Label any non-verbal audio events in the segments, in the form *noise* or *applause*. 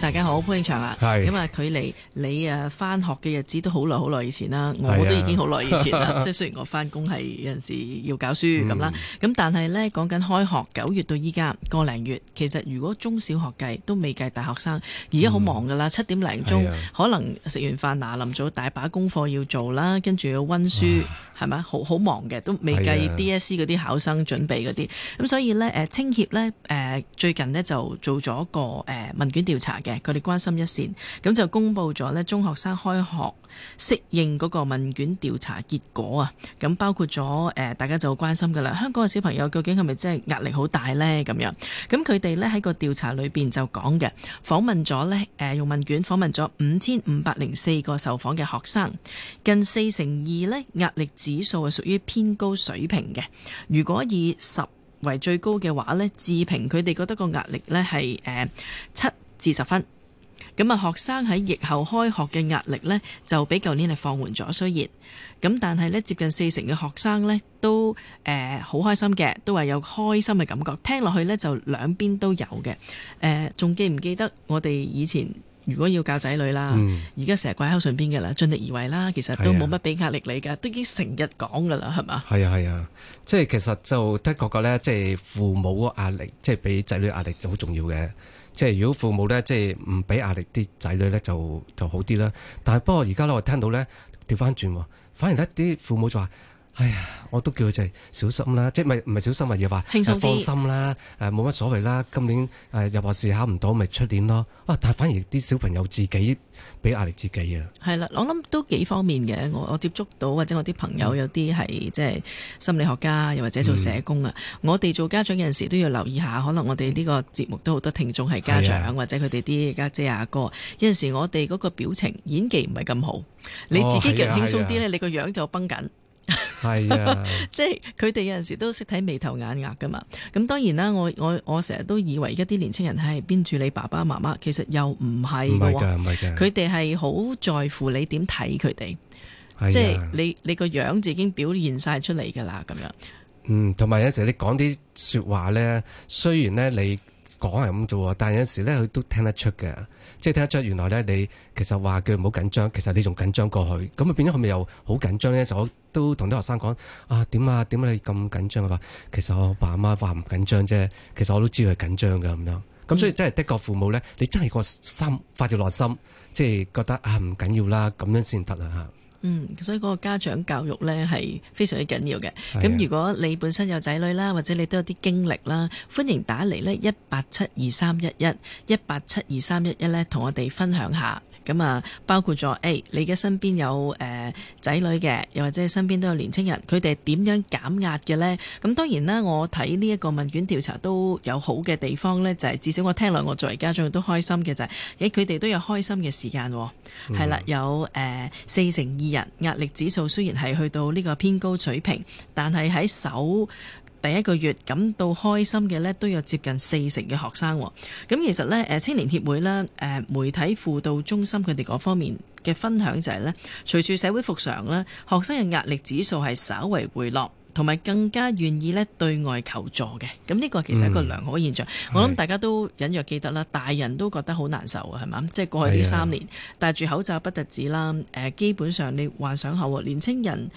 大家好，潘永祥是啊，咁啊，距離你啊翻學嘅日子都好耐好耐以前啦，啊、我都已經好耐以前啦。 *laughs* 即係雖然我翻工係有陣時要搞書咁啦，咁、嗯、但係咧講緊開學九月到依家個零月，其實如果中小學計都未計大學生，而家好忙噶啦，嗯、七點零鐘、啊、可能食完飯嗱，臨早大把功課要做啦，跟住要溫書係咪哇？好好忙嘅，都未計 DSE 嗰啲考生準備嗰啲。咁所以咧，誒青協咧，誒、呃呃、最近呢就做咗個誒問卷調，調查嘅，佢哋關心一線，咁就公布咗咧中學生開學適應嗰個問卷調查結果啊，咁包括咗誒、呃、大家就關心噶啦，香港嘅小朋友究竟係咪真係壓力好大呢？咁樣？咁佢哋呢喺個調查裏邊就講嘅，訪問咗呢，誒、呃、用問卷訪問咗五千五百零四個受訪嘅學生，近四成二呢壓力指數係屬於偏高水平嘅。如果以十為最高嘅話呢，自評佢哋覺得個壓力呢係誒七。呃至十分，咁啊，學生喺疫後開學嘅壓力呢，就比舊年係放緩咗。雖然咁，但係呢接近四成嘅學生呢，都誒好、呃、開心嘅，都話有開心嘅感覺。聽落去呢，就兩邊都有嘅，誒、呃，仲記唔記得我哋以前？如果要教仔女啦，而家成日掛喺口上邊嘅啦，盡力而為啦，其實都冇乜俾壓力你噶，啊、都已經成日講噶啦，係嘛？係啊係啊，即係其實就的確個咧，即係父母嘅壓力，即係俾仔女壓力就好重要嘅。即係如果父母咧，即係唔俾壓力，啲仔女咧就就好啲啦。但係不過而家咧，我聽到咧調翻轉，反而一啲父母就話。哎呀，我都叫佢就係小心啦，即係咪唔係小心，咪要話輕鬆放心啦，誒冇乜所謂啦。今年誒入學試考唔到，咪出年咯。啊，但係反而啲小朋友自己俾壓力自己啊。係啦，我諗都幾方面嘅。我我接觸到或者我啲朋友有啲係即係心理學家，又或者做社工啊。我哋做家長有陣時都要留意下，可能我哋呢個節目都好多聽眾係家長或者佢哋啲家姐阿哥。有陣時我哋嗰個表情演技唔係咁好，你自己叫輕鬆啲咧，你個樣就繃緊。係啊，即係佢哋有陣時都識睇眉頭眼額噶嘛。咁當然啦，我我我成日都以為一啲年青人係邊住你爸爸媽媽，其實又唔係噶，唔係嘅。佢哋係好在乎你點睇佢哋，即係 *laughs* 你你個樣就已經表現晒出嚟噶啦。咁樣，嗯，同埋有陣時你講啲說話呢，雖然呢你講係咁做，但係有陣時呢佢都聽得出嘅，即係聽得出原來呢你其實話佢唔好緊張，其實你仲緊張過去。咁啊變咗佢咪又好緊張咧？就。都同啲學生講，啊點啊點解你咁緊張啊！話其實我爸媽話唔緊張啫，其實我都知佢緊張噶咁樣。咁所以真係的確父母呢，你真係個心發條內心，即係覺得啊唔緊要啦，咁樣先得啊吓，嗯，所以嗰個家長教育呢係非常之緊要嘅。咁的如果你本身有仔女啦，或者你都有啲經歷啦，歡迎打嚟呢一八七二三一一一八七二三一一呢，同我哋分享下。咁啊，包括咗誒、哎，你嘅身邊有誒仔、呃、女嘅，又或者身邊都有年青人，佢哋點樣減壓嘅呢？咁當然啦，我睇呢一個問卷調查都有好嘅地方呢，就係、是、至少我聽落，我作為家長都開心嘅就係、是，誒佢哋都有開心嘅時間、哦，係啦、mm hmm.，有誒四、呃、成二人壓力指數雖然係去到呢個偏高水平，但係喺手。第一個月感到開心嘅呢，都有接近四成嘅學生。咁其實呢，誒青年協會啦、誒媒體輔導中心佢哋嗰方面嘅分享就係呢：隨住社會復常啦，學生嘅壓力指數係稍為回落，同埋更加願意呢對外求助嘅。咁呢個其實係一個良好嘅現象。嗯、我諗大家都隱約記得啦，的大人都覺得好難受啊，係嘛？即係過去呢三年的戴住口罩不特止啦，誒基本上你幻想下喎，年青人。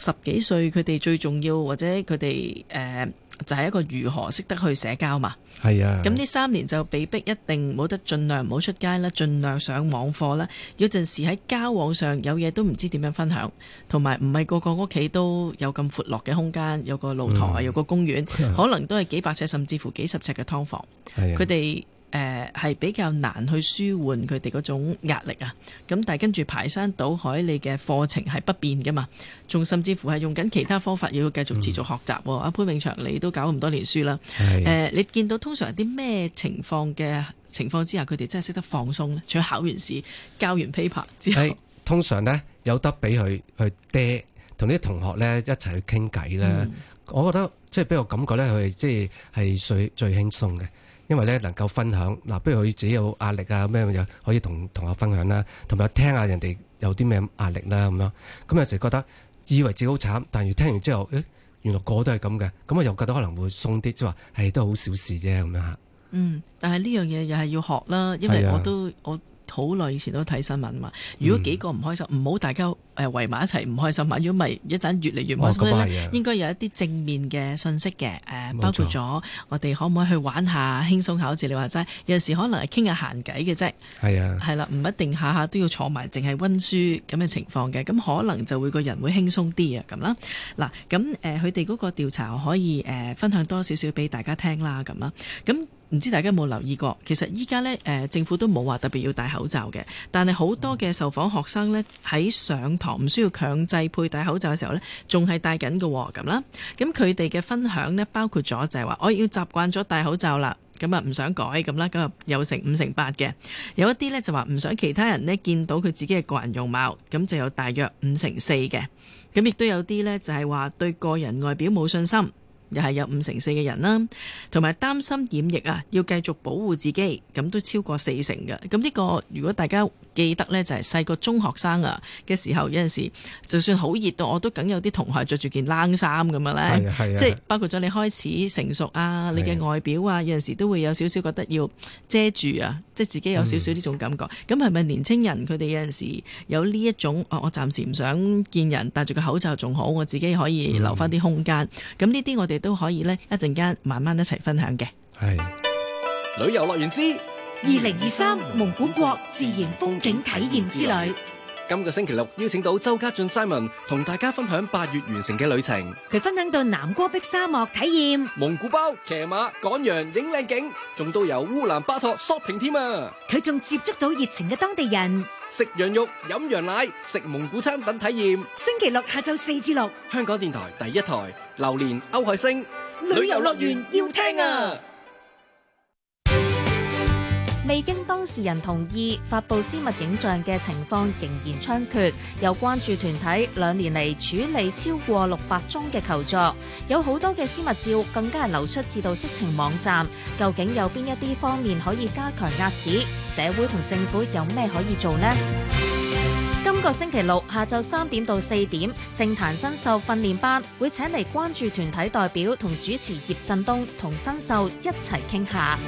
十幾歲佢哋最重要或者佢哋誒就係、是、一個如何識得去社交嘛，係啊。咁呢三年就被逼一定冇得，儘量冇出街啦，儘量上網課啦。有陣時喺交往上有嘢都唔知點樣分享，同埋唔係個個屋企都有咁闊落嘅空間，有個露台，嗯、有個公園，嗯、可能都係幾百尺甚至乎幾十尺嘅劏房，佢哋、啊。誒，係、呃、比較難去舒緩佢哋嗰種壓力啊！咁但係跟住排山倒海，你嘅課程係不變噶嘛？仲甚至乎係用緊其他方法，要繼續持續學習。阿、嗯啊、潘永祥，你都搞咁多年書啦。誒的、呃，你見到通常啲咩情況嘅情況之下，佢哋真係識得放鬆呢？除咗考完試、交完 paper 之後，通常呢有得俾佢去嗲，同啲同學呢一齊去傾偈咧。嗯、我覺得即係俾我感覺呢，佢即係係最最輕鬆嘅。因為咧能夠分享，嗱，不如佢自己有壓力啊，咩又可以同同學分享啦，同埋聽下人哋有啲咩壓力啦咁樣。咁有時覺得以為自己好慘，但係聽完之後，誒、欸，原來個個都係咁嘅，咁我又覺得可能會鬆啲，即係話都好小事啫咁樣嚇。是是嗯，但係呢樣嘢又係要學啦，因為我，是、啊、我都我。好耐以前都睇新聞嘛？如果幾個唔開心，唔好、嗯、大家誒圍埋一齊唔開心嘛。如果咪一陣越嚟越唔開心，哦、應該有一啲正面嘅信息嘅誒，哦、包括咗我哋可唔可以去玩下、錯輕鬆下？好似你話齋，有陣時可能係傾下閒偈嘅啫。係啊，係啦，唔一定下下都要坐埋，淨係温書咁嘅情況嘅。咁可能就會個人會輕鬆啲啊，咁啦。嗱，咁誒，佢哋嗰個調查可以誒分享多少少俾大家聽啦，咁啦，咁。唔知大家有冇留意過，其實依家咧誒政府都冇話特別要戴口罩嘅，但係好多嘅受訪學生咧喺上堂唔需要強制佩戴口罩嘅時候咧，仲係戴緊嘅咁啦。咁佢哋嘅分享咧，包括咗就係話我要習慣咗戴口罩啦，咁啊唔想改咁啦，咁有成五成八嘅，有一啲呢就話唔想其他人呢見到佢自己嘅個人容貌，咁就有大約五成四嘅，咁亦都有啲呢就係話對個人外表冇信心。又係有五成四嘅人啦，同埋擔心染疫啊，要繼續保護自己，咁都超過四成嘅。咁呢個如果大家，記得呢就係細個中學生啊嘅時候，有陣時就算好熱到我都梗有啲同學着住件冷衫咁樣呢，啊啊、即係包括咗你開始成熟啊，啊你嘅外表啊，有陣時都會有少少覺得要遮住啊，即係自己有少少呢種感覺。咁係咪年青人佢哋有陣時有呢一種、哦？我暫時唔想見人戴住個口罩仲好，我自己可以留翻啲空間。咁呢啲我哋都可以呢，一陣間慢慢一齊分享嘅。係旅遊樂園之。二零二三蒙古國自然風景體驗之旅，今個星期六邀請到周家俊 Simon 同大家分享八月完成嘅旅程。佢分享到南戈壁沙漠體驗蒙古包、騎馬、趕羊、影靚景，仲到遊烏蘭巴托 shopping 添啊！佢仲接觸到熱情嘅當地人，食羊肉、飲羊奶、食蒙古餐等體驗。星期六下晝四至六，香港電台第一台，榴蓮歐海星旅遊樂園要聽啊！未經當事人同意發佈私密影像嘅情況仍然猖獗，有關注團體兩年嚟處理超過六百宗嘅求助，有好多嘅私密照更加係流出至到色情網站，究竟有邊一啲方面可以加強遏止？社會同政府有咩可以做呢？今個星期六下晝三點到四點，政壇新秀訓練班會請嚟關注團體代表同主持葉振東同新秀一齊傾下。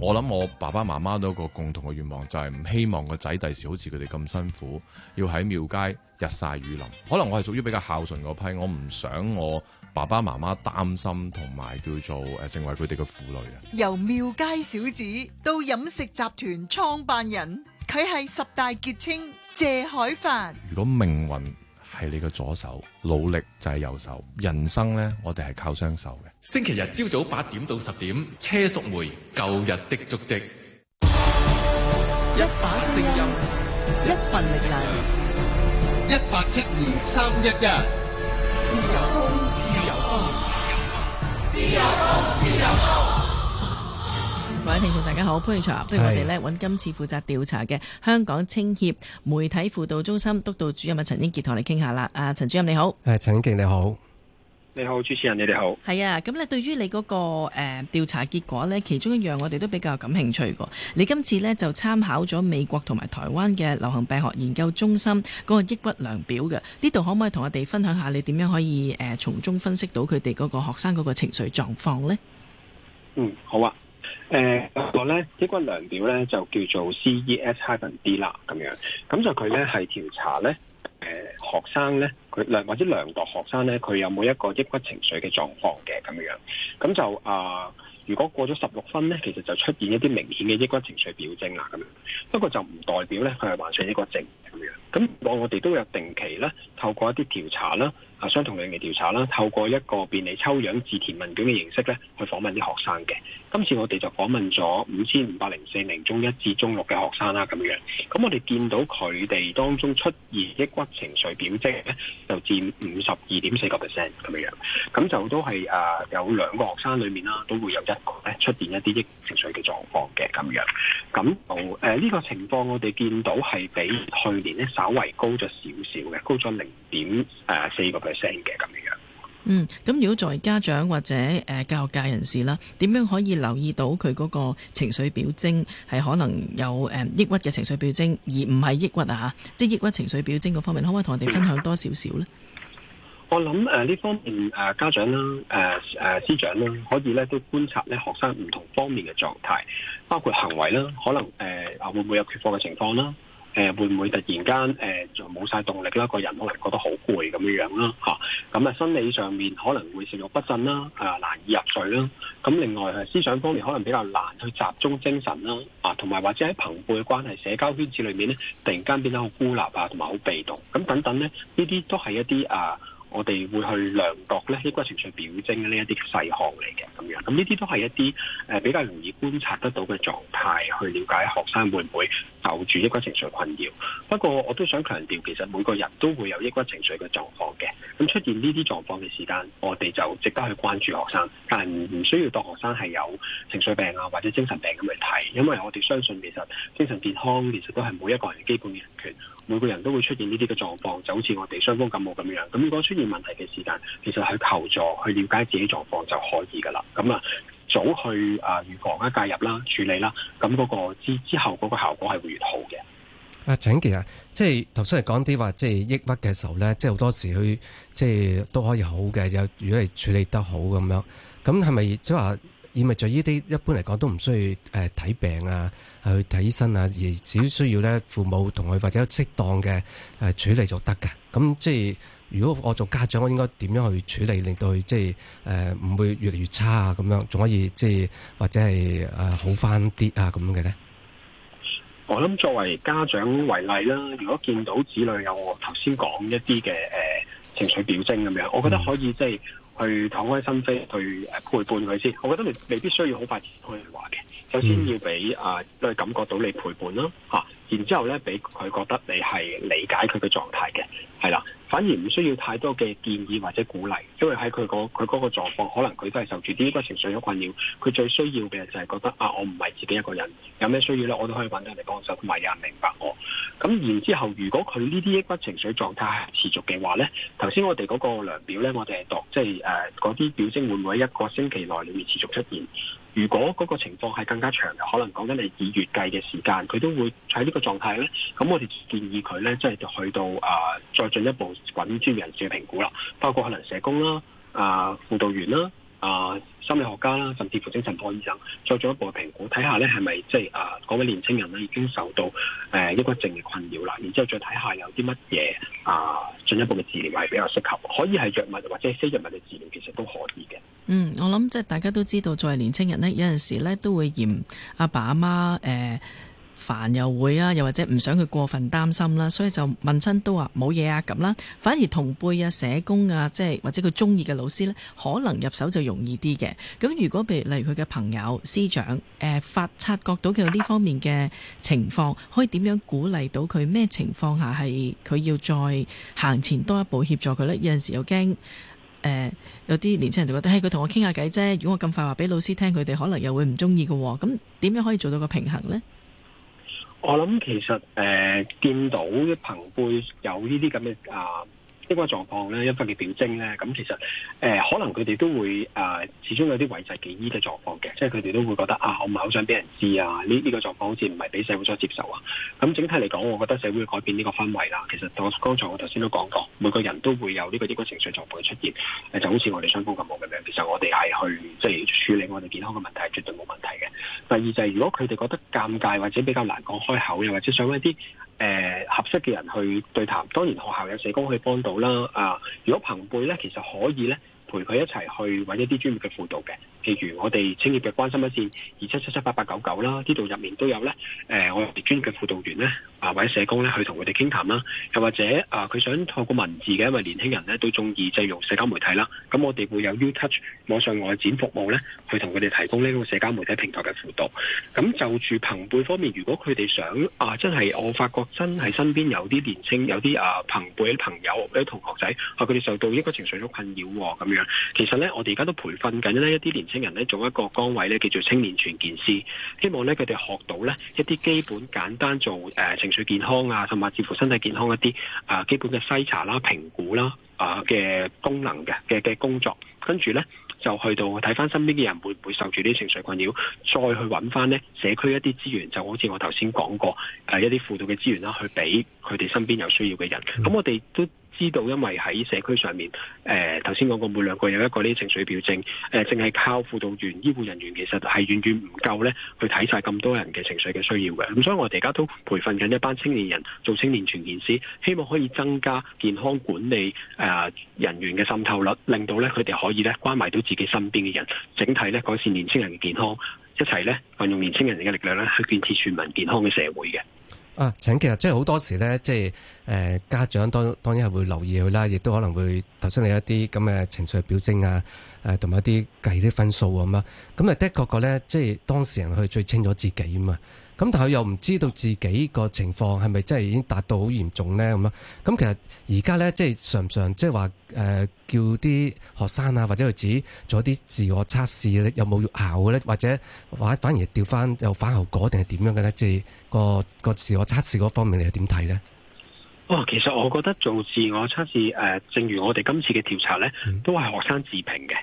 我諗我爸爸媽媽都有一個共同嘅願望，就係唔希望個仔第時好似佢哋咁辛苦，要喺廟街日曬雨淋。可能我係屬於比較孝順嗰批，我唔想我爸爸媽媽擔心同埋叫做誒成為佢哋嘅負累啊。由廟街小子到飲食集團創辦人，佢係十大傑青謝海凡。如果命運，係你個左手，努力就係右手。人生呢，我哋係靠雙手嘅。星期日朝早八點到十點，車淑梅舊日的足跡，一把聲音，一份力量，一八七二三一一，自由風，自由風，自由風，自由風。各位聽眾，大家好，潘永才。是不如我哋呢，揾今次負責調查嘅香港青協媒體輔導中心督導主任啊，陳英杰同我哋傾下啦。啊，陳主任你好，係陳英杰。你好，你好，主持人你哋好。係啊，咁你對於你嗰、那個誒、呃、調查結果呢，其中一樣我哋都比較感興趣嘅。你今次呢，就參考咗美國同埋台灣嘅流行病學研究中心嗰個抑鬱量表嘅，呢度，可唔可以同我哋分享下你點樣可以誒、呃、從中分析到佢哋嗰個學生嗰個情緒狀況呢？嗯，好啊，誒、嗯。抑鬱量表咧就叫做 CES-D 啦，咁樣，咁就佢咧係調查咧，誒，學生咧佢，或或者量度學生咧，佢有冇一個抑鬱情緒嘅狀況嘅咁樣，咁就啊，如果過咗十六分咧，其實就出現一啲明顯嘅抑鬱情緒表徵啦，咁 *noise* 樣樂，不過就唔代表咧佢係患上抑鬱症咁樣。 *music* *music* 咁我哋都有定期咧，透過一啲調查啦，啊相同類型嘅調查啦，透過一個便利抽樣自填問卷嘅形式咧，去訪問啲學生嘅。今次我哋就訪問咗五千五百零四名中一至中六嘅學生啦，咁樣。咁我哋見到佢哋當中出現抑鬱情緒表徵咧，就佔五十二點四個 percent 咁樣。咁就都係誒、啊、有兩個學生裡面啦、啊，都會有一個咧出現一啲抑鬱情緒嘅狀況嘅咁樣。咁誒呢個情況我哋見到係比去年咧，稍微高咗少少嘅，高咗零點誒四個 percent 嘅咁樣。嗯，咁如果作為家長或者誒教育界人士啦，點樣可以留意到佢嗰個情緒表徵係可能有誒、嗯、抑鬱嘅情緒表徵，而唔係抑鬱啊？即係抑鬱情緒表徵嗰方面，可唔、嗯、可以同我哋分享多少少呢？我諗誒呢方面誒、呃、家長啦，誒誒師長啦、呃，可以咧都觀察咧、呃、學生唔同方面嘅狀態，包括行為啦，可能誒、呃呃、會唔會有缺課嘅情況啦。誒，會唔會突然間誒，就冇晒動力啦？個人可能覺得好攰咁樣樣啦，吓，咁啊，生理上面可能會食欲不振啦，啊，難以入睡啦。咁、啊、另外誒、啊，思想方面可能比較難去集中精神啦，啊，同埋或者喺朋輩嘅關係、社交圈子裏面咧，突然間變得好孤立啊，同埋好被動，咁、啊、等等咧，呢啲都係一啲啊。我哋會去量度咧，抑鬱情緒表徵呢一啲細項嚟嘅咁樣，咁呢啲都係一啲誒、呃、比較容易觀察得到嘅狀態，去了解學生會唔會受住抑鬱情緒困擾。不過我都想強調，其實每個人都會有抑鬱情緒嘅狀況嘅。咁出現呢啲狀況嘅時間，我哋就值得去關注學生，但係唔需要當學生係有情緒病啊、或者精神病咁去睇，因為我哋相信其實精神健康其實都係每一個人基本嘅人權。每個人都會出現呢啲嘅狀況，就好似我哋雙方感冒咁樣。咁如果出現問題嘅時間，其實去求助、去了解自己狀況就可以㗎喇。咁啊，早去啊預防啦、介入啦、處理啦，咁嗰個之之後嗰個效果係會越，越好嘅。啊，陳其實即係頭先係講啲話，即係抑鬱嘅時候咧，即係好多時佢即係都可以好嘅。有如果係處理得好咁樣，咁係咪即係話？而咪就呢啲一般嚟講都唔需要誒睇、呃、病啊，去睇醫生啊，而只需要咧父母同佢或者適當嘅誒、呃、處理就得㗎。咁即係如果我做家長，我應該點樣去處理，令到佢即係誒唔會越嚟越差啊？咁樣仲可以即係或者係誒好返啲啊？咁樣嘅咧？我諗作為家長為例啦，如果見到子女有我頭先講一啲嘅誒情緒表徵咁樣，我覺得可以即係。嗯去敞開心扉，去誒陪伴佢先。我覺得你未必需要好快去話嘅。嗯、首先要俾啊，都、呃、係感覺到你陪伴啦，嚇、啊！然之後咧，俾佢覺得你係理解佢嘅狀態嘅，係啦。反而唔需要太多嘅建議或者鼓勵，因為喺佢嗰佢嗰個狀況，可能佢都係受住啲抑鬱情緒所困擾。佢最需要嘅就係覺得啊，我唔係自己一個人，有咩需要咧，我都可以揾到你幫手，同埋有人明白我。咁、啊、然之後，如果佢呢啲抑鬱情緒狀態持續嘅話咧，頭先我哋嗰個量表咧，我哋係度即係誒嗰啲表徵會唔會喺一個星期內裡面持續出現？如果嗰個情況係更加長，可能講緊你以月計嘅時間，佢都會喺呢個狀態咧，咁我哋建議佢咧，即係就是、去到啊、呃，再進一步揾專業人士嘅評估啦，包括可能社工啦、啊、呃、輔導員啦。啊、呃，心理學家啦，甚至乎精神科醫生，再做一步嘅評估，睇下咧係咪即係啊嗰位年青人咧已經受到誒抑鬱症嘅困擾啦，然之後再睇下有啲乜嘢啊進一步嘅治療係比較適合，可以係藥物或者係非藥物嘅治療其實都可以嘅。嗯，我諗即係大家都知道，作為年青人咧，有陣時咧都會嫌阿爸阿媽誒、呃煩又會啊，又或者唔想佢過分擔心啦、啊，所以就問親都話冇嘢啊咁啦、啊。反而同輩啊、社工啊，即係或者佢中意嘅老師呢、啊，可能入手就容易啲嘅。咁如果譬如例如佢嘅朋友、師長，誒、呃、發察覺到佢有呢方面嘅情況，可以點樣鼓勵到佢？咩情況下係佢要再行前多一步協助佢呢？有陣時又驚誒、呃、有啲年青人就覺得嘿佢同我傾下偈啫。如果我咁快話俾老師聽，佢哋可能又會唔中意嘅。咁點樣可以做到個平衡呢？我諗其實誒、呃，見到嘅朋輩有呢啲咁嘅啊狀況，呢個狀況咧，一分佢表徵咧，咁其實誒、呃、可能佢哋都會誒、呃，始終有啲諱疾忌醫嘅狀況嘅，即係佢哋都會覺得啊，我唔係好想俾人知啊，呢呢、這個狀況好似唔係俾社會所接受啊。咁、嗯、整體嚟講，我覺得社會改變呢個氛圍啦。其實我剛才我頭先都講過，每個人都會有呢個抑鬱情緒狀況出現，呃、就好似我哋雙方咁，感冒咁樣。其實我哋係去即係處理我哋健康嘅問題，絕對冇問題嘅。第二就係、是、如果佢哋覺得尷尬或者比較難講開口，又或者想一啲。誒、呃、合適嘅人去對談，當然學校有社工可以幫到啦。啊，如果朋輩咧，其實可以咧陪佢一齊去搵一啲專業嘅輔導嘅。例如我哋青協嘅關心一線二七七七八八九九啦，呢度入面都有咧。誒、呃，我哋專業嘅輔導員咧，啊或者社工咧，去同佢哋傾談啦，又或者啊，佢想透過文字嘅，因為年輕人咧都中意就用社交媒體啦。咁、啊、我哋會有 U Touch 網上外展服務咧，去同佢哋提供呢個社交媒體平台嘅輔導。咁、啊、就住朋輩方面，如果佢哋想啊，真係我發覺真係身邊有啲年輕，有啲啊朋輩朋友，啲同學仔，佢、啊、哋受到一個情緒上困擾咁、啊、樣，其實咧我哋而家都培訓緊咧一啲年輕。人咧做一個崗位咧，叫做青年全健師，希望咧佢哋學到咧一啲基本簡單做誒、呃、情緒健康啊，同埋甚至乎身體健康一啲啊、呃、基本嘅篩查啦、啊、評估啦啊嘅功能嘅嘅嘅工作，跟住咧就去到睇翻身邊嘅人會唔會受住啲情緒困擾，再去揾翻咧社區一啲資源，就好似我頭先講過誒、呃、一啲輔導嘅資源啦、啊，去俾佢哋身邊有需要嘅人。咁我哋都知道，因為喺社區上面，誒頭先講過，每兩個有一個呢情緒表徵，誒淨係靠輔導員醫護人員其實係遠遠唔夠咧，去睇晒咁多人嘅情緒嘅需要嘅。咁、嗯、所以我哋而家都培訓緊一班青年人做青年全健師，希望可以增加健康管理誒、呃、人員嘅滲透率，令到咧佢哋可以咧關埋到自己身邊嘅人，整體咧改善年青人嘅健康，一齊咧運用年青人嘅力量咧去建設全民健康嘅社會嘅。啊！請，其實即係好多時咧，即係誒、呃、家長當，當當然係會留意佢啦，亦都可能會頭先你一啲咁嘅情緒表徵啊，誒同埋一啲計啲分數咁、啊、啦，咁啊的確個咧，即係當事人佢最清楚自己啊嘛。咁但係又唔知道自己個情況係咪真係已經達到好嚴重咧咁樣？咁其實而家咧，即係常唔常即係話誒叫啲學生啊或者佢自己做啲自我測試咧有冇效咧或者反反而調翻有反效果定係點樣嘅咧？即係個個自我測試嗰方面你係點睇咧？哦，其實我覺得做自我測試誒，正如我哋今次嘅調查咧，都係學生自評嘅。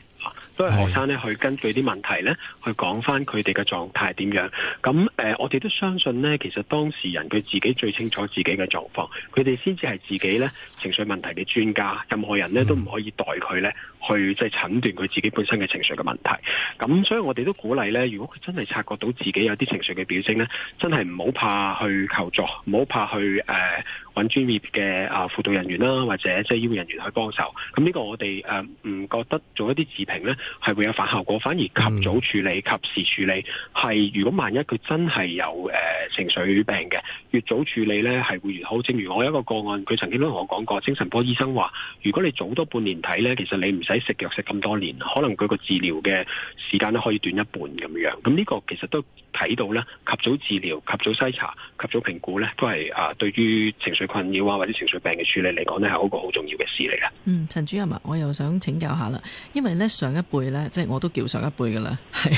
都係學生咧，去根據啲問題咧，去講返佢哋嘅狀態點樣。咁誒、呃，我哋都相信咧，其實當事人佢自己最清楚自己嘅狀況，佢哋先至係自己咧情緒問題嘅專家。任何人咧都唔可以代佢咧去即係診斷佢自己本身嘅情緒嘅問題。咁所以，我哋都鼓勵咧，如果佢真係察覺到自己有啲情緒嘅表徵咧，真係唔好怕去求助，唔好怕去誒揾、呃、專業嘅啊輔導人員啦，或者即係醫護人員去幫手。咁呢個我哋誒唔覺得做一啲自評咧。係會有反效果，反而及早處理、及時處理，係如果萬一佢真係有誒、呃、情緒病嘅，越早處理咧，係會越好。正如我有一個個案，佢曾經都同我講過，精神科醫生話，如果你早多半年睇咧，其實你唔使食藥食咁多年，可能佢個治療嘅時間咧可以短一半咁樣。咁呢個其實都睇到咧，及早治療、及早篩查、及早評估咧，都係啊、呃、對於情緒困擾啊或者情緒病嘅處理嚟講咧，係一個好重要嘅事嚟嘅。嗯，陳主任啊，我又想請教下啦，因為咧上一輩呢，即係我都叫上一輩噶啦。 *laughs*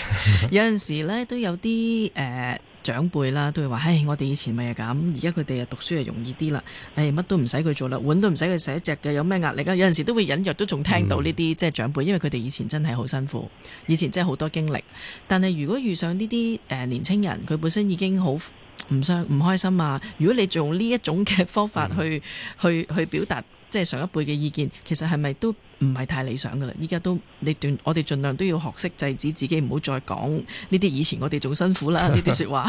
有陣時呢都有啲誒、呃、長輩啦，都會話，唉、哎，我哋以前咪係咁，而家佢哋啊讀書係容易啲啦，唉、哎，乜都唔使佢做啦，碗都唔使佢寫只嘅，有咩壓力啊？有陣時都會隱約都仲聽到呢啲、嗯、即係長輩，因為佢哋以前真係好辛苦，以前真係好多經歷。但係如果遇上呢啲誒年青人，佢本身已經好唔傷唔開心啊！如果你仲用呢一種嘅方法去、嗯、去去，去表達，即係上一輩嘅意見，其實係咪都？唔係太理想噶啦，依家都你斷我哋盡量都要學識制止自己唔好再講呢啲以前我哋仲辛苦啦呢啲說話。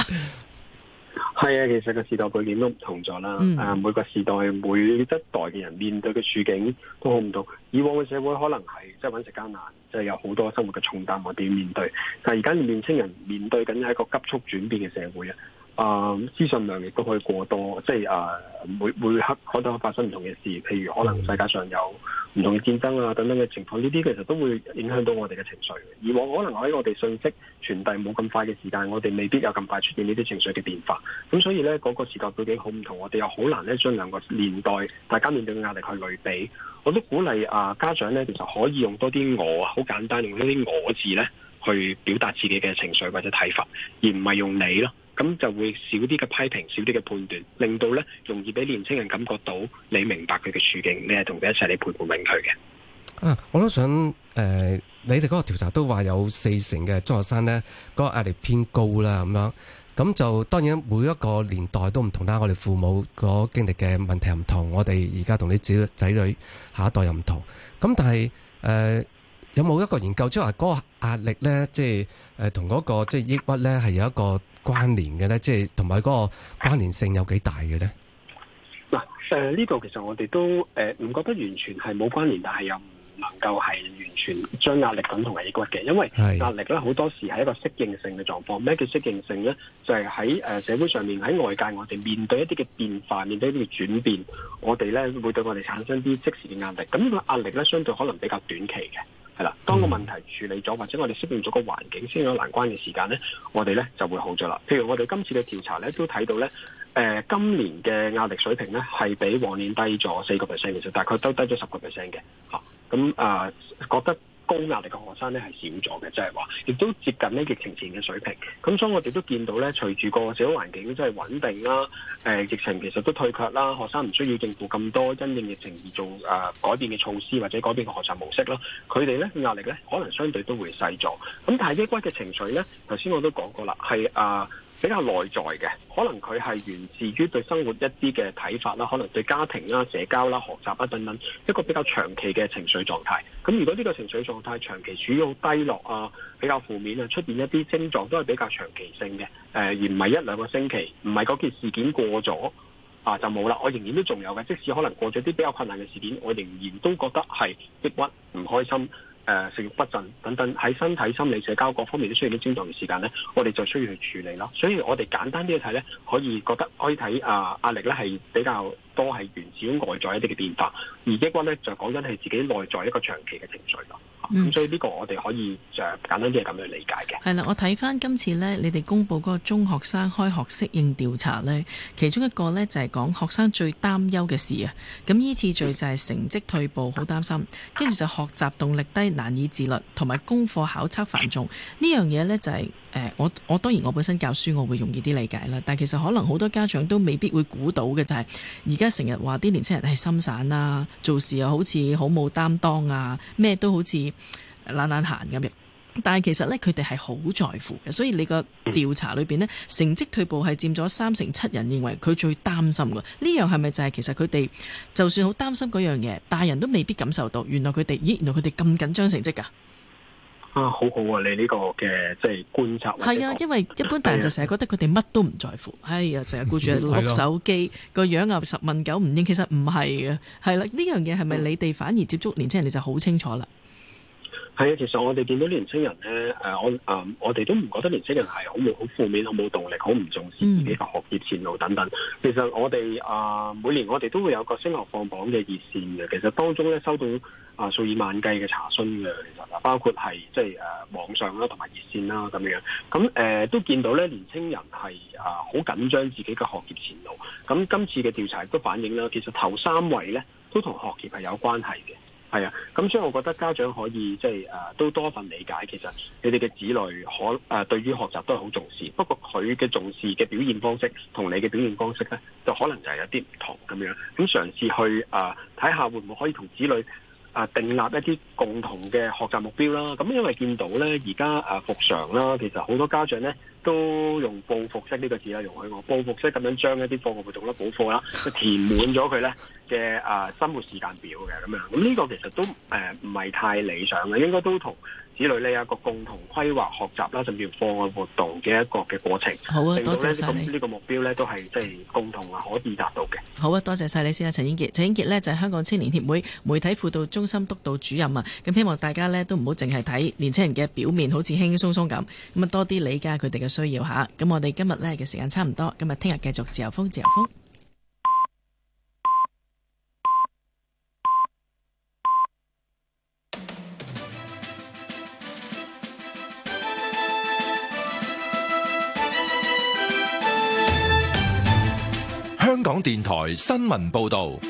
係啊，其實個時代背景都唔同咗啦，誒、嗯啊，每個時代每一代嘅人面對嘅處境都好唔同。以往嘅社會可能係即係揾食艱難，即係有好多生活嘅重擔，我哋要面對。但係而家年青人面對緊係一個急速轉變嘅社會啊。啊，資訊、uh, 量亦都可以過多，即係啊、uh,，每每刻可能發生唔同嘅事，譬如可能世界上有唔同嘅戰爭啊等等嘅情況，呢啲其實都會影響到我哋嘅情緒。而我可能喺我哋信息傳遞冇咁快嘅時間，我哋未必有咁快出現呢啲情緒嘅變化。咁所以咧，嗰、那個時代背景好唔同，我哋又好難咧將兩個年代大家面對嘅壓力去類比。我都鼓勵啊、uh, 家長咧，其實可以用多啲我，好簡單用呢啲我字咧，去表達自己嘅情緒或者睇法，而唔係用你咯。咁就會少啲嘅批評，少啲嘅判斷，令到呢容易俾年青人感覺到你明白佢嘅處境，你係同佢一齊，你陪伴明佢嘅。啊，我都想，誒，你哋嗰個調查都話有四成嘅中學生呢，嗰個壓力偏高啦，咁樣。咁就當然每一個年代都唔同啦，我哋父母嗰經歷嘅問題唔同，我哋而家同啲仔仔女下一代又唔同。咁但係，誒，有冇一個研究即係話嗰個壓力呢，即係，誒，同嗰個即係抑鬱呢，係有一個關聯嘅咧，即係同埋嗰個關聯性有幾大嘅咧？嗱、呃，誒，呢度其實我哋都誒唔、呃、覺得完全係冇關聯，但係又唔能夠係完全將壓力等同抑鬱嘅，因為壓力咧好多時係一個適應性嘅狀況。咩叫適應性咧？就係喺誒社會上面，喺外界我哋面對一啲嘅變化，面對一啲嘅轉變，我哋咧會對我哋產生啲即時嘅壓力。咁呢個壓力咧，相對可能比較短期嘅。係啦，當個問題處理咗，或者我哋適應咗個環境，先有難關嘅時間咧，我哋咧就會好咗啦。譬如我哋今次嘅調查咧，都睇到咧，誒、呃，今年嘅壓力水平咧係比往年低咗四個 percent 嘅，就大概都低咗十個 percent 嘅，吓咁誒，覺得。高壓力嘅學生咧係少咗嘅，即係話，亦、就是、都接近咧疫情前嘅水平。咁所以我哋都見到咧，隨住個社會環境真係穩定啦，誒、呃、疫情其實都退卻啦，學生唔需要應付咁多因應疫情而做誒、呃、改變嘅措施或者改變嘅學習模式咯。佢哋咧壓力咧可能相對都會細咗。咁但係抑鬱嘅情緒咧，頭先我都講過啦，係誒、呃比較內在嘅，可能佢係源自於對生活一啲嘅睇法啦，可能對家庭啦、啊、社交啦、啊、學習啦、啊、等等，一個比較長期嘅情緒狀態。咁如果呢個情緒狀態長期處於好低落啊、比較負面啊，出現一啲症狀都係比較長期性嘅，誒、呃、而唔係一兩個星期，唔係嗰件事件過咗啊就冇啦，我仍然都仲有嘅。即使可能過咗啲比較困難嘅事件，我仍然都覺得係抑鬱唔開心。誒、呃、食欲不振等等，喺身體、心理、社交各方面都需要啲精項嘅時間咧，我哋就需要去處理咯。所以我哋簡單啲去睇咧，可以覺得可以睇啊壓力咧係比較多係源自於外在一啲嘅變化，而抑鬱咧就講緊係自己內在一個長期嘅情緒。嗯，所以呢個我哋可以就係簡單啲咁樣理解嘅。係啦、嗯，我睇翻今次呢，你哋公布嗰個中學生開學適應調查呢，其中一個呢就係、是、講學生最擔憂嘅事啊。咁依次序就係成績退步，好擔心。跟住就學習動力低，難以自律，同埋功課考測繁重呢樣嘢呢就係、是、誒、呃、我我當然我本身教書，我會容易啲理解啦。但其實可能好多家長都未必會估到嘅就係，而家成日話啲年青人係心散啊，做事又好似好冇擔當啊，咩都好似～懶懶閒咁樣，但係其實呢，佢哋係好在乎嘅，所以你個調查裏邊呢，成績退步係佔咗三成七人認為佢最擔心嘅呢樣係咪就係其實佢哋就算好擔心嗰樣嘢，大人都未必感受到。原來佢哋咦，原來佢哋咁緊張成績噶啊？好好啊，你呢個嘅即係觀察係啊，因為一般大人就成日覺得佢哋乜都唔在乎，哎呀，成日顧住碌手機個樣啊，十問九唔應，其實唔係嘅，係啦，呢樣嘢係咪你哋反而接觸年青人，你就好清楚啦。係啊，其實我哋見到年青人咧，誒、呃，我誒、呃，我哋都唔覺得年青人係好冇、好負面、好冇動力、好唔重視自己嘅學業前路等等。其實我哋誒、呃、每年我哋都會有個升學放榜嘅熱線嘅，其實當中咧收到啊、呃、數以萬計嘅查詢嘅，其實包括係即係誒網上啦，同埋熱線啦咁樣。咁、呃、誒都見到咧，年青人係啊好緊張自己嘅學業前路。咁今次嘅調查亦都反映啦，其實頭三位咧都同學業係有關係嘅。係啊，咁所以我覺得家長可以即係誒、啊，都多份理解。其實你哋嘅子女可誒、啊，對於學習都係好重視。不過佢嘅重視嘅表現方式，同你嘅表現方式咧，就可能就係有啲唔同咁樣。咁嘗試去誒睇下會唔會可以同子女誒訂、啊、立一啲共同嘅學習目標啦。咁、啊、因為見到咧而家誒復常啦，其實好多家長咧。都用報復式呢個字啦，容許我報復式咁樣將一啲課外活動啦、補課啦，填滿咗佢咧嘅誒生活時間表嘅咁樣咁呢個其實都誒唔係太理想嘅，應該都同，子女呢有一個共同規劃學習啦，甚至乎課外活動嘅一個嘅過程，好啊！多謝晒你。呢、這個這個目標呢，都係即係共同可以達到嘅。好啊！多謝晒你先啊，陳英杰。陳英杰呢，就係香港青年協會媒體輔導中心督導主任啊。咁希望大家呢，都唔好淨係睇年青人嘅表面，好似輕輕鬆鬆咁。咁啊多啲理解佢哋嘅需要吓。咁我哋今日呢嘅時間差唔多，今日，聽日繼續自由風，自由風。香港電台新聞報道。